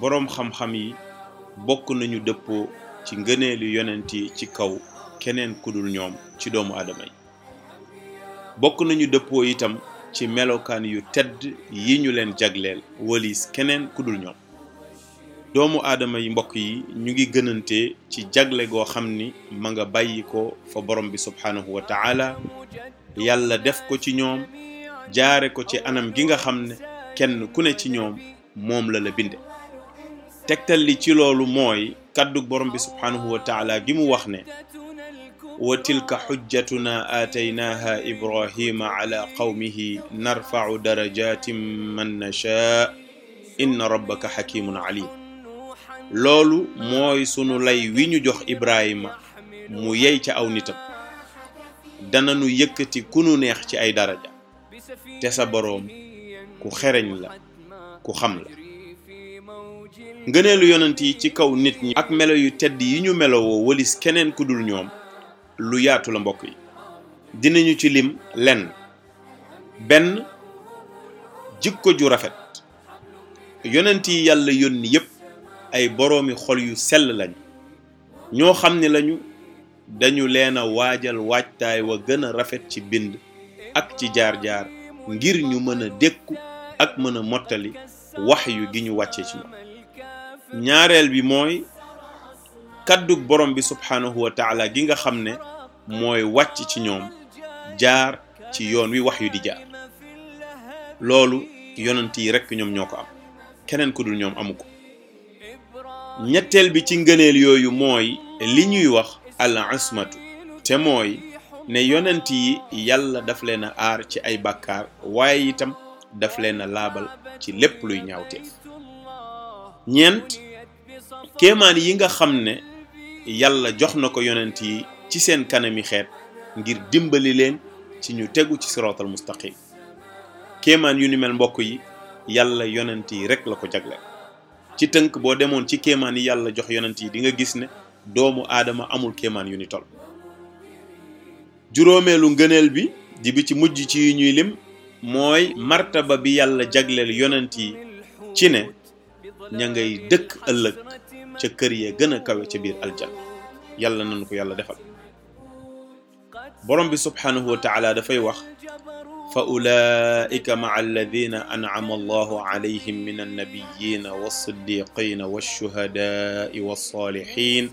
boroom xam-xam yi bokk nañu dëppoo ci ngëneelu yonent yi ci kaw keneen ku ñoom ci doomu aadama yi bokk nañu dëppoo itam ci melokaan yu tedd yi ñu leen jagleel waliis keneen ku ñoom doomu aadama yi mbokk yi ñu ngi gënante ci jagle goo xam ni ma nga bàyyi ko fa boroom bi subhaanahu wa yàlla def ko ci ñoom jaare ko ci anam gi nga xam ne kenn ku ne ci ñoom moom la la binde tegtal li ci loolu mooy kàddu borom bi wa taala gi mu wax ne wa tilka xujjatuna aataynaaha ibrahima ala qawmihi narfacu darajatin man nachaa inna rabbaka xakimun alim loolu mooy sunu lay wi ñu jox ibrahima mu yey ci aw nitam dananu yëkkati ku nu neex ci ay daraja te sa boroom ku xereñ la ku xam la ngëneelu yonent yi ci kaw nit ñi ak melo yu tedd yi ñu melowoo walis keneen ku dul ñoom lu yaatu la mbokk yi dinañu ci lim lenn benn jikko ju rafet yonent yi yàlla yónni yépp ay boroomi xol yu sell lañu ñoo xam ni lañu dañu leen a waajal waajtaay wa gën a rafet ci bind ak ci jaar-jaar ngir ñu mën a dékku ak mën a mottali wax yu gi ñu wàccee ci ñoom ñaareel bi mooy kàddug borom bi subhaanahu wa taala gi nga xam ne mooy wàcc ci ñoom jaar ci yoon wi wax yu di jaar loolu yonent yi rekk ñoom ñoo ko am keneen ku dul ñoom amu ko ñetteel bi ci ngëneel yooyu mooy li ñuy wax al asmatu te mooy ne yonent yi yàlla daf leen a aar ci ay bàkkaar waaye itam daf leen a laabal ci lépp luy ñaawteef ñeent kéemaan yi nga xam ne yàlla jox na ko yonent yi ci seen kanami xeet ngir dimbali leen ci ñu tegu ci siraatal mustaqim kéemaan yu ni mel mbokk yi yàlla yonent yi rek la ko jagleel ci tënk boo demoon ci kéemaan yi yàlla jox yonent yi di nga gis ne doomu aadama amul kéemaan yu ni toll juróomeelu ngëneel bi di bi ci mujj ci ñuy lim mooy martaba bi yàlla jagleel yonent yi ci ne ña ngay dëkk ëllëg ca kër yee gën a kawe ca biir aljanna yàlla nañu ko yàlla defal borom bi subhaanahu wa taala dafay wax fa ulaika maa alladina an'ama allahu alayhim min annabiyina wa siddiqina wa shuhadaai wa salihin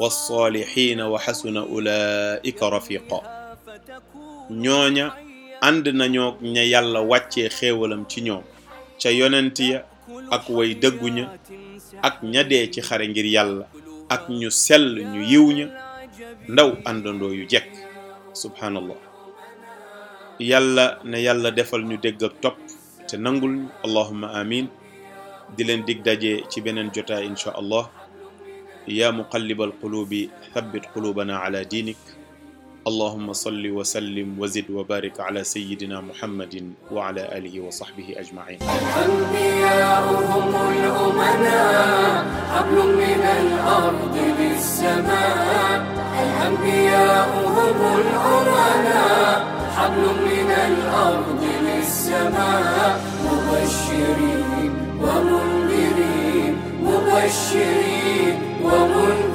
walsaalixiina wa xasuna ulaika rafiqa ñooña ànd nañoo ña yàlla wàccee xéewalam ci ñoom ca yonent ya ak way dëgguña ak ña dee ci xare ngir yàlla ak ñu sell ñu yiw ña ndaw àndandoo yu jekk subhaanallah yàlla na yàlla defal ñu dégg ak te nangul ñu amin di leen dig daje ci beneen jotaay incha allah yaa muqallibal quluubi thabbit quluubana ala diinik allahuma salli wa sallim wa zid wa barik ala sayyidina muhammadin wa ala alihi wa sahbihi ajmain حبل من الأرض للسماء مبشرين وبشر ومنذر